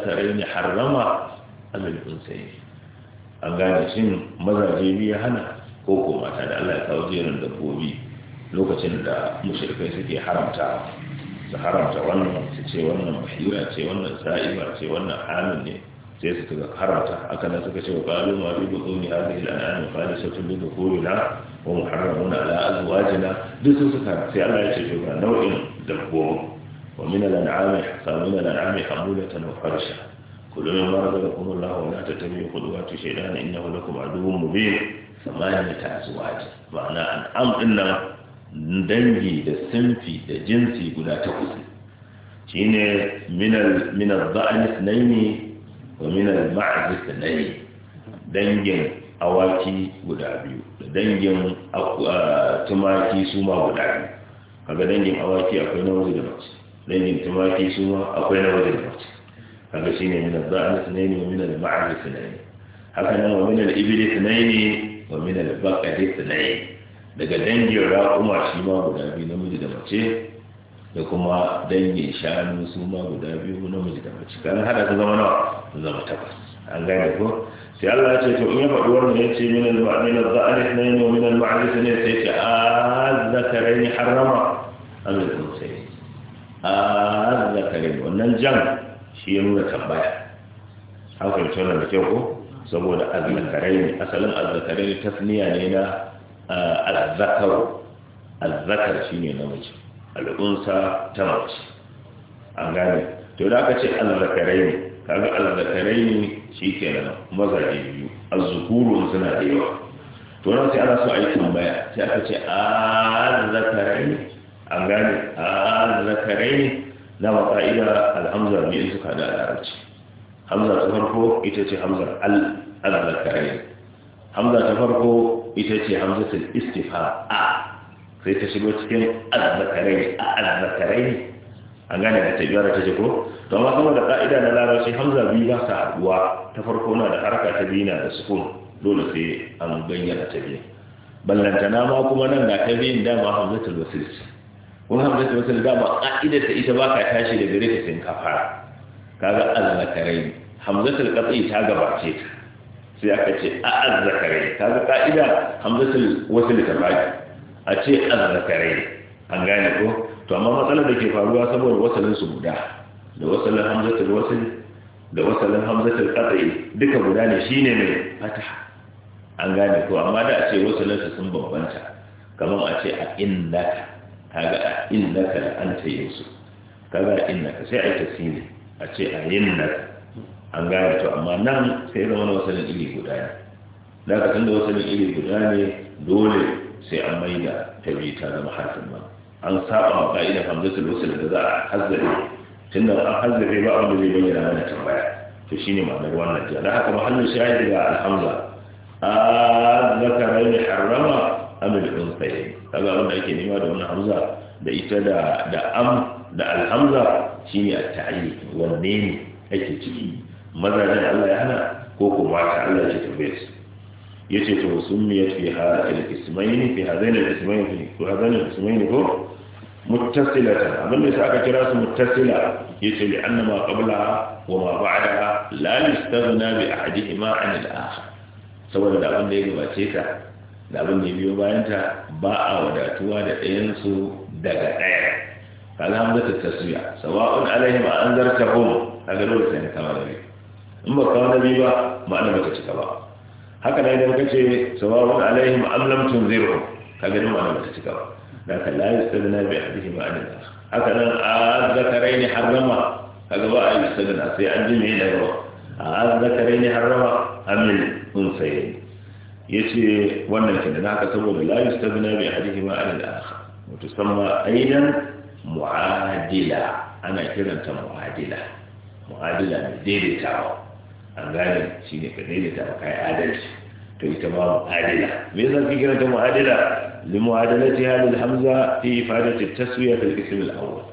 az harrama amal unsayn an gane shin mazaje biya hana ko ko mata da Allah ya kawo jerin dabbobi lokacin da mushrikai suke haramta su haramta wannan su ce wannan bahira ce wannan sa'iba ce wannan amin ne sai su tuka haramta aka nan suka ce wa qalu ma bi buduni hadhihi al-anam khalisatun li dhukurina wa muharramun ala azwajina duk sun suka sai Allah ya ce to ga nau'in dabbo wa min al-an'am hasamuna al-an'am hamulatan wa harsha kullu mimma razaqakum Allah wa la tattabi'u khutuwati shaytan innahu lakum aduwwun mubin samaniya ta azwaj ma'ana an'am din nan dangi da sinfi da jinsi guda takwas shi ne minar za'anis naini wa minar ma'azis naini dangin awaki guda biyu da dangin tumaki su ma guda biyu kaga dangin awaki akwai na waje da mace dangin tumaki su ma akwai na waje da mace kaga ne minar za'anis naini wa minar ma'azis naini haka nan wa minal iblis naini wa minal baqaris naini daga dangin raƙuma shi ma guda biyu namiji da mace da kuma dangin shanu su ma guda biyu namiji da mace kan hada su zama nawa su zama takwas an gane ko sai Allah ya ce to in ya faɗi wannan ya ce min al maina al na ithnayn min al-ma'rif ne sai ya ce az-zakarain harrama al sai az-zakarain wannan jan shi ya nuna tambaya an fahimci wannan da kyau ko saboda azzakarai asalin azzakarai tasniya ne na al-zakaru al-zakar shine namiji al ta mace an gane to da aka ce al-zakarai ne kaga al-zakarai ne shikenan mazaje biyu az-zuhurun suna da yawa to nan sai ana so a yi tambaya sai aka ce al-zakarai an gane al-zakarai na maka'ida al-hamza ne in suka da al'arci hamza ta farko ita ce hamzar al hamza ta farko ita ce hamzatul istifham a sai ta shigo cikin azzakarai a azzakarai an gane da tabiyar ta ce ko to amma kuma da ka'ida na larabci hamza biyu ba sa haduwa ta farko na da haraka ta biyu na da sukun dole sai an bayyana ta biyu ballantana ma kuma nan ga ta biyun dama hamzatul wasil wani hamzatul wasil dama ka'idar ta ita ba ka tashi da gare ta sun kafara kaga azzakarai hamzatul qat'i ta gabace ta sai aka ce a azzakarai ta ga ka'ida hamzatul wasil tabaki a ce azzakarai an gane ko to amma matsalar da ke faruwa saboda wasalin su guda da wasalin hamzatul wasil da wasalin hamzatul qat'i duka guda ne shine mai fataha an gane ko amma da a ce wasalin su sun bambanta kamar a ce a innaka kaga a innaka da anta yusuf kaga innaka sai a tasiri a ce a yinnaka an gaya to amma nan sai zama na wasanin iri guda ne da ka tunda wasanin iri guda ne dole sai an mai da tabi ta zama harfin an saba wa ka'idar hamzatul da za a hazzare tunda an hazzare ba abin da zai bayyana mana tambaya to shine ma'anar wannan jiya da haka mahallin shahid da alhamza a zakarai ne harrama amin unsayi kaga wanda ake nema da wannan hamza da ita da am da alhamza shine a taayyud wanne ne ake ciki mazajen Allah ya hana ko ko mata Allah ya tambaye su yace to summiyat fi hada al-ismayn fi hadain al-ismayn fi hadain al-ismayn ko muttasilatan abin da aka kira su muttasila yace li anna ma qablaha wa ma ba'daha la yastaghna bi ahadihima an al-akhar saboda da abin da ya gabace ta da abin da ya biyo bayan ta ba a wadatuwa da ɗayan su daga ɗaya kalamatu tasmiya sawa'un alaihim anzartahum kaga dole sai ka kamar ne in ba kawo na biyu ba ma'ana baka cika ba haka na idan kace sawawun alaihim am lam tunziru ka gani ma'ana baka cika ba da ka la yastadna bi hadihi ma'ana haka nan azzakarain harrama kaga ba ai yastadna sai an ji me da ba azzakarain harrama am lil unsayin yace wannan kenan haka saboda la yastadna bi hadihi ma'ana al-akhar mutusamma aidan mu'adila ana kiranta mu'adila mu'adila ne daidaitawa an gane shi ne ka daidaita a kai adalci to ita ma adila me yasa kike kiranta mu'adila li mu'adalati hadhihi hamza fi ifadati taswiya fil ism al awwal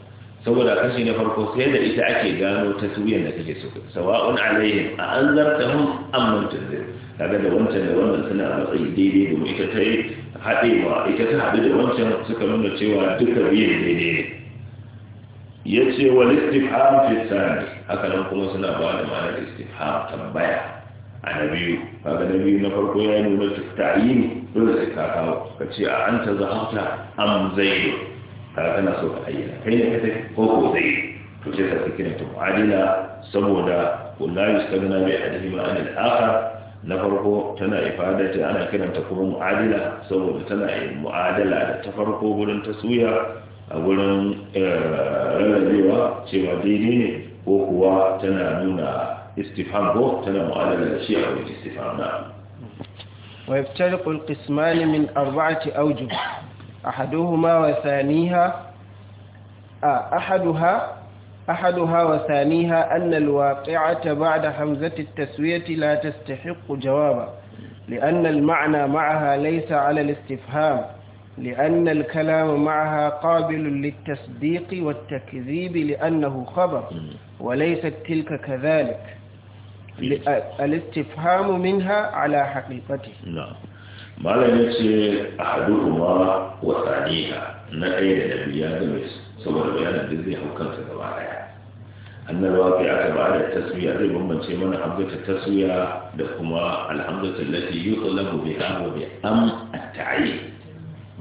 saboda kashi na farko sai da ita ake gano taswiyar da kake so sawa'un alaihim a anzartahum am lam tunzir kaga da wancan da wannan suna a matsayi daidai domin ita ta haɗewa ita ta haɗu da wancan suka nuna cewa duka biyan daidai ne ya ce wa istifham fi sani haka nan kuma suna ba da ma'anar istifham tambaya a na biyu kaga na biyu na farko ya yi nuna ne dole sai ka kawo ka ce a an ta zahabta am zaidu kaga kana so ka ayyana kai ne ka ko ko zaidu to sai ka saki ta mu'adila saboda kullu yustagna bi ahadihima an al-akhar na farko tana ifada ta ana kiranta kuma mu'adila saboda tana yin mu'adala da ta farko gurin suya. أولاً wurin eh, rarrabewa cewa daidai ne ko kuwa tana nuna istifham ko tana mu'adala da shi a na ويفترق القسمان من أربعة أوجه أحدهما وثانيها أحدها أحدها وثانيها أن الواقعة بعد حمزة التسوية لا تستحق جوابا لأن المعنى معها ليس على الاستفهام لأن الكلام معها قابل للتصديق والتكذيب لأنه خبر وليست تلك كذلك الاستفهام منها على حقيقته نعم. ما لم يكسي أحدهما وثانيها نأي النبي يادمس سوى البيان الذي هو كان تدوى أن الواقعة بعد التسوية ربما من سيمان حمدة التسوية لهما الحمدة التي يطلب بها وبأم التعيين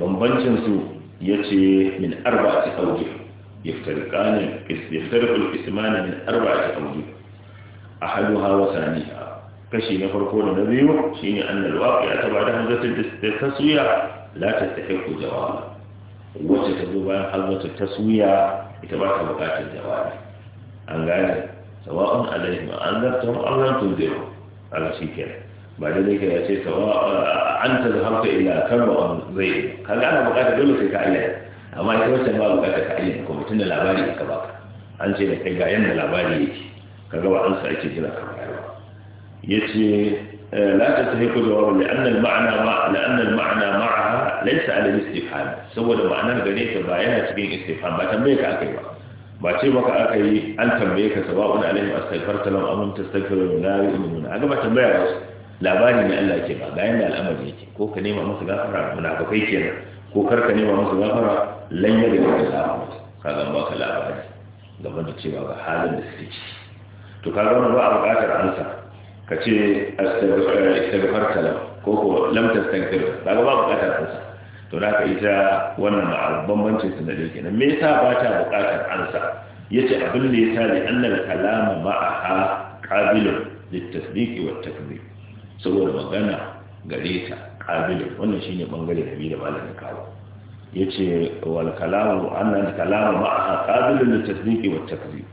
bambancin su yace min arba'ati awjuh yaftariqani yaftariqu al-ismani min arba'ati awjuh ahaduha wa thaniha kashi na farko da na biyu shine annal waqi'a tabada da taswiya la tastahiqu jawaba wacce ta zo bayan hamzatul taswiya ita ba ta bukatar jawabi an gane sawa'un alaihim anzartum am lam tunziru ala shi ba da ne ya ce an ta zaharta illa kan ba zai kaga ana bukatar dole sai ka ayyana amma ita wacce ba bukatar ka ayyana kuma tun da labari ka baka an ce da kai ga yanda labari yake kaga ba an sa ake jira ka bayar ba yace la ta tahiku jawab li anna al ma'na ma la anna al ma'na ma'aha laysa ala istifham saboda ma'anar gare ta ba yana cikin istifham ba tambaye ka akai ba ba ce maka aka yi an tambaye ka sababun alaihim astaghfarta lahum am tastaghfiru lahum la yu'minun aga ba tambaya ba labari ne Allah ke ba ga yanda al'amari yake ko ka nema musu gafara bakwai kenan ko kar ka nema musu gafara lan yare da Allah ka ga ba ka labari game da cewa ga halin da suke ciki to ka ga ba a buƙatar ansa ka ce astaghfarta lam ko ko lam tastaghfir ba ga ba buƙatar ansa to da ka ita wannan ba bambancin sanadin nan. me yasa ba ta buƙatar ansa yace abin da yasa ne annal kalama ma'aha qabilun للتصديق والتكذيب saboda magana gare ta ƙabilin wannan shi ne ɓangare da da malamin kawo ya ce wal annan kalama ma a ƙabilin da tasdiki wa takzi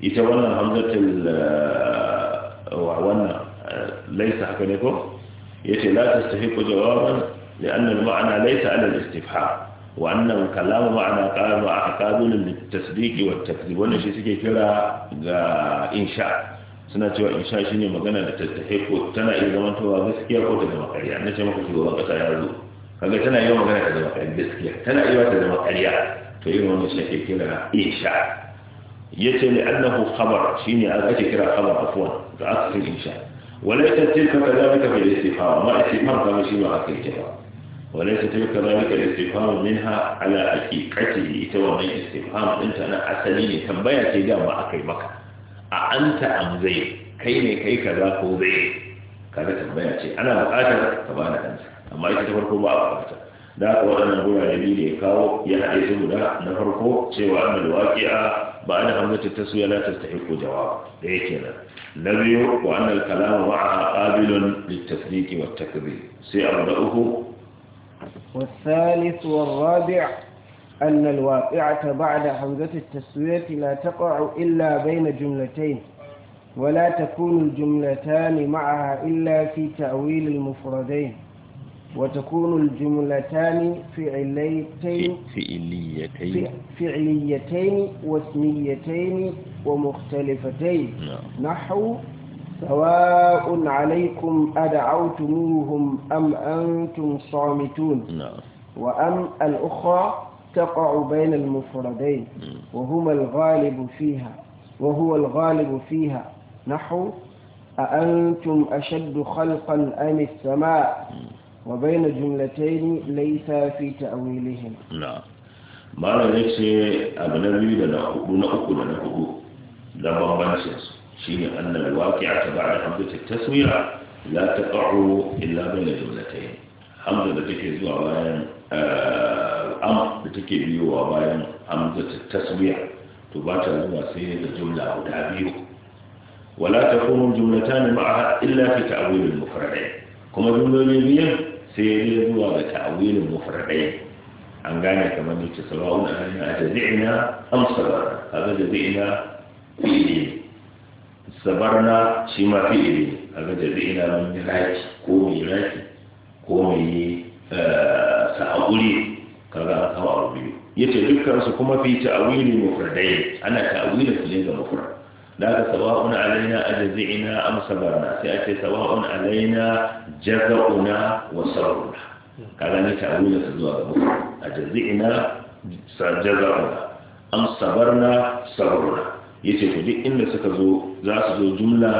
ita wannan hamzatul eh, wa wannan eh, laisa haka ne ko ya ce la tastahiqu jawaban لأن المعنى ليس على kalama وأن الكلام معنى قال مع قابل للتصديق والتكذيب وأن شيء سيكي كرا إنشاء suna cewa in sha shi ne magana da tattafe ko tana iya zama towa gaskiya ko ta zama ƙarya na ce maka shugaban ƙasa ya zo kaga tana iya magana ta zama ƙarya gaskiya tana iya ta zama ƙarya to irin wannan shi ake kira insha ya ce ne annahu khabar shi shine ake kira khabar afwan da asalin insha walai ta fawa shi وليس تلك كذلك في الاستفهام ما استفهام كما شيء ما الاستفهام وليس تلك كذلك ita wannan على حقيقته تولي na asali ne tambaya ce dama aka yi maka a anta am zai kai ne kai kaza ko zai kaga tambaya ce ana bukatar ka da kansa amma ita ta farko ba a bukata da aka waɗannan da biyu da ya kawo ya haɗe su guda na farko cewa an da waƙi'a ba ana hamzatu ta suya ta haiko jawab da yake kenan na biyu wa an al-kalama ma'a a lit-tasdiqi wat-takdhib sai abu da uku والثالث والرابع أن الواقعة بعد حمزة التسوية لا تقع إلا بين جملتين ولا تكون الجملتان معها إلا في تأويل المفردين وتكون الجملتان فعليتين فعليتين فعليتين واسميتين ومختلفتين نعم. نحو سواء عليكم أدعوتموهم أم أنتم صامتون نعم. وأم الأخرى تقع بين المفردين وهما الغالب فيها وهو الغالب فيها نحو أأنتم أشد خلقا أم السماء وبين جملتين ليس في تأويلهم نعم ما لا يكسي أبنبي لنأخذ نأخذ لا لما نسيس شيء أن الواقعة بعد حمزة التسوية لا تقع إلا بين جملتين حمزة تكي زوعان آه am da take biyowa bayan hamza ta tasbiya to ba ta zuwa sai da jumla guda biyu wala ta takunu jumlatan ma'a illa fi ta'wil al-mufradain kuma jumloli biyan sai ya zuwa ga ta'wil al-mufradain an gane kamar ne ce sawa'un a ajza'na am sabarna kaga jazina fi'li sabarna shi ma fi'li kaga jazi'ina min raki ko min raki ko min eh, sa'uli kaga an kama abu biyu yace dukkan su kuma fi ta'wili mufradai ana ta'wili filin ga mufrad da ka sawa'un alaina ajza'ina am sabarna sai ake sawa'un alaina jaza'una wa sabruna kaga ne ta'wili su zuwa ga mufrad ajza'ina jaza'una am sabarna sabruna yace to duk inda suka zo za su zo jumla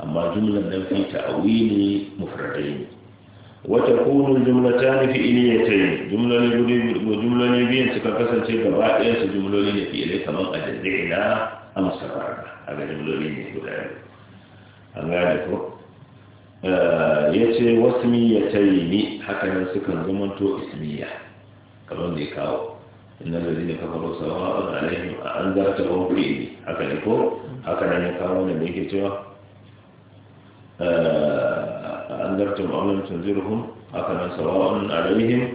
amma jumlan nan fi ta'wili mufradai وتكون الجملتان فعليتين جملة وجملة بين تكاكسا شيء كبائر جملة لين فعلية كما قد ذعنا أم سرعنا هذا جملة لين كلها أنغالك yace wasmiyataini haka nan sukan zamanto ismiya kamar da ya kawo inna lalina kafaru sawa'un alaihim a an zarta wa haka ne ko haka ya kawo ne da أنذرتم أو لم تنذرهم أفلا سواء عليهم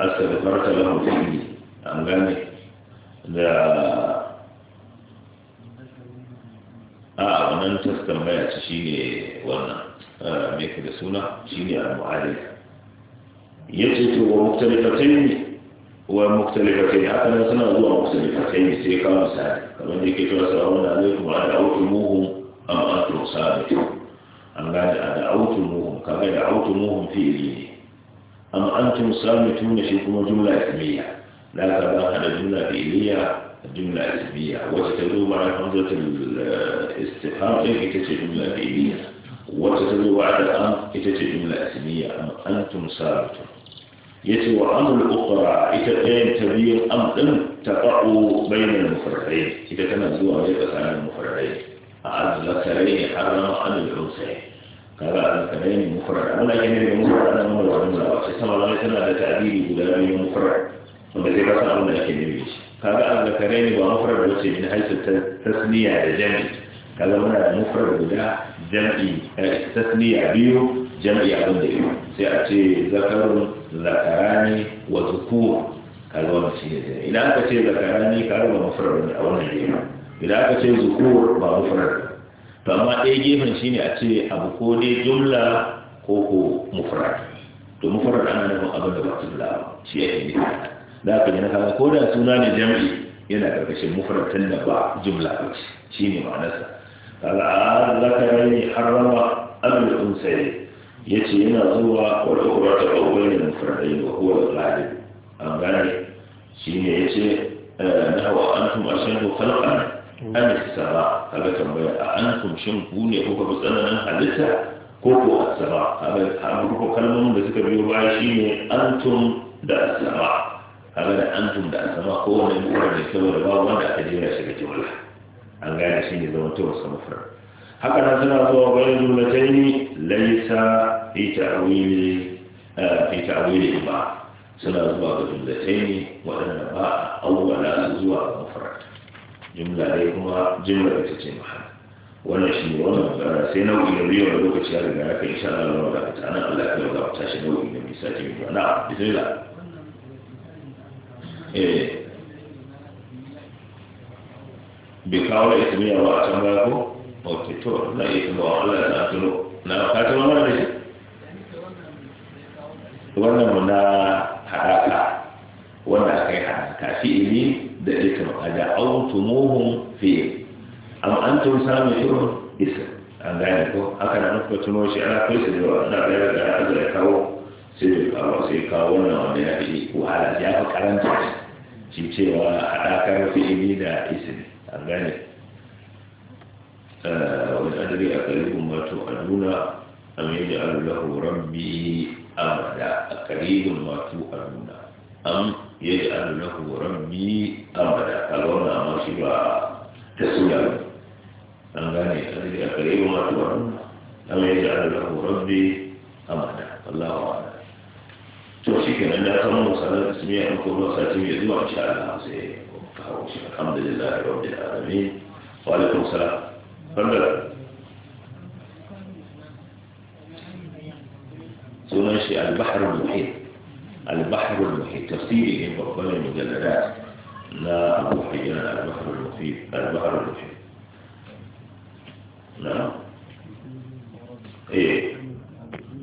أستغفرت لهم فيه أم غني لا آه ونن تستمع تشيني ونا آه ميك بسونا تشيني المعارف يجد ومختلفتين ومختلفتين أفلا سنة الله مختلفتين سيقام سعيد فمن يكتب سواء عليكم وعلى أوكموهم أم أنتم صادقون أما دعوتموهم كما دعوتموهم في دينه أم أنتم سامتون فيكم جملة إثمية لا تبقى هذا الجملة الدينية الجملة الإثمية وتتلو بعد حمزة الاستفهام إتت الجملة الدينية وتتلو بعد الأم إتت الجملة الإثمية أم أنتم سامتون يتوى أمر الأخرى إتتين تبين أم أن تقعوا بين المفرعين إذا كانت كان الزوء عليك المفرعين أعز لك لي حرم عن العنصين kaga alkalai ne mufarar Allah ya ne mufarar Allah mun da wannan ba sai sama Allah tana da ta'abiri guda ne mufarar wanda zai rasa abin da ake nemi shi kaga alkalai ne ba mufarar da ce min haisu tasniya da jami kaga muna da mufarar guda jami eh, tasniya biyu jami abin da yau sai a ce zakarun zakarani wa zukur kaga wannan shi ne idan aka ce zakarani kaga ba mufarar ne a wannan yau idan aka ce zukur ba mufarar to amma ɗaya gefen shi ne a ce abu ko dai jumla ko ko mufrad to mufrad ana nufin abin da ba jumla ba shi ya yi da aka yi na kaga ko da suna ne jam'i yana karkashin mufrad tun da ba jumla ba shi. ne ma'anarsa kaga a zakarai harrama abul Ya ce yana zuwa wal ukhra ta awwalin mufradain wa huwa al-ghalib an gane shine yace eh, nahwa antum ashadu khalqan an sama kaga tambaya a an kumshin ku ne kuka fi tsananin halitta ko ko a sama kaga ko kalmomin da suka biyo baya shine antum da sama kaga da antum da sama ko wani mura mutum ne saboda babu wanda aka jera shi ga jumla an gane shi ne zama tawar sama fara haka nan suna zuwa bayan jumlatai ne laisa ita awili eh, ita awili ba suna zuwa ga jumlatai ne waɗanda ba a awwala zuwa jimla ne kuma jimla ita ce mahal wannan shi ne wannan magana sai nau'i na biyu wani lokaci ya riga ya kai insha Allah na wadata ta nan Allah ya kai wadata shi nau'i na biyu sati biyu na bismillah eh bai kawo ismiya wa a can baya ko ok to na ismiya wa Allah na tuno na fata wannan ne wannan mu na hadaka wanda aka yi hadaka fi'ili ذكر أجعلتموهم فيه أم أنتم سامعون إسر أن ذلك أكد نفق تنوشي على كل سنة وأنا بيرا جاء أزل كاو سيدي كاو سيدي كاو ونوانا في وعلى جاءك كالانتش شمشي وحداك في إمينة إسر أن ذلك ومن أدري أقريبهم ما تؤدون أم يجعل له ربي أمدا أقريب ما تؤدون أم يجعل ربي أمدا الوضع مصيبا تسويا أنا غني أدري أقريب ما تورون أم يجعل له ربي أمدا إيه الله أعلم توشيك أن أكرم صلاة اسمية أنكم وخاتم يدعو إن شاء الله الحمد لله رب العالمين وعليكم السلام فضل سنشي البحر المحيط البحر المحيط تفسير إن المجلدات لا أبو البحر المحيط البحر المحيط نعم إيه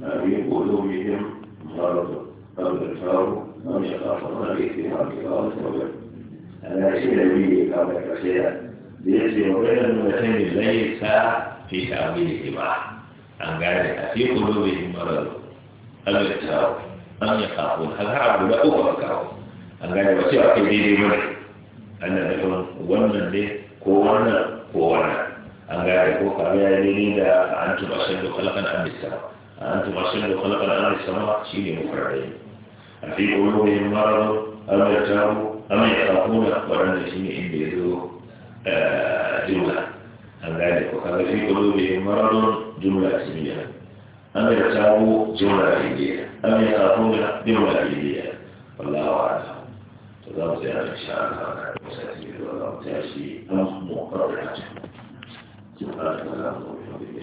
أبي قلوبهم مرض قبل الفور أو يخافون الاتهام بالأرض أنا أشير به قبل كثيرا ليجب وبين المتين ليس في الاجتماع عن قال في قلوبهم مرض قبل التهاوي an ya kafu alhara guda uku a kawo an gane ba ce ake daidai ba ne ana nufin wannan ne ko wannan ko wannan an gane ko kawo ya daidai da an tuba shan da kwalakan an bisama an tuba shan da kwalakan an bisama shi ne mukarrai a fi ƙulurin marabu an ya taru an ya kafuna waɗanda shi ne inda ya zo jumla an gane ko kawo fi ƙulurin marabu jumla ismiya an ya taru jumla indiya أم يخافون من الأبدية والله أعلم الله تعالى إن شاء والله سبحانك اللهم وبحمدك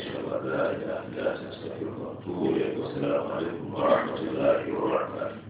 أشهد أن لا إله إلا أنت أستغفرك وأتوب إليك والسلام عليكم ورحمة الله وبركاته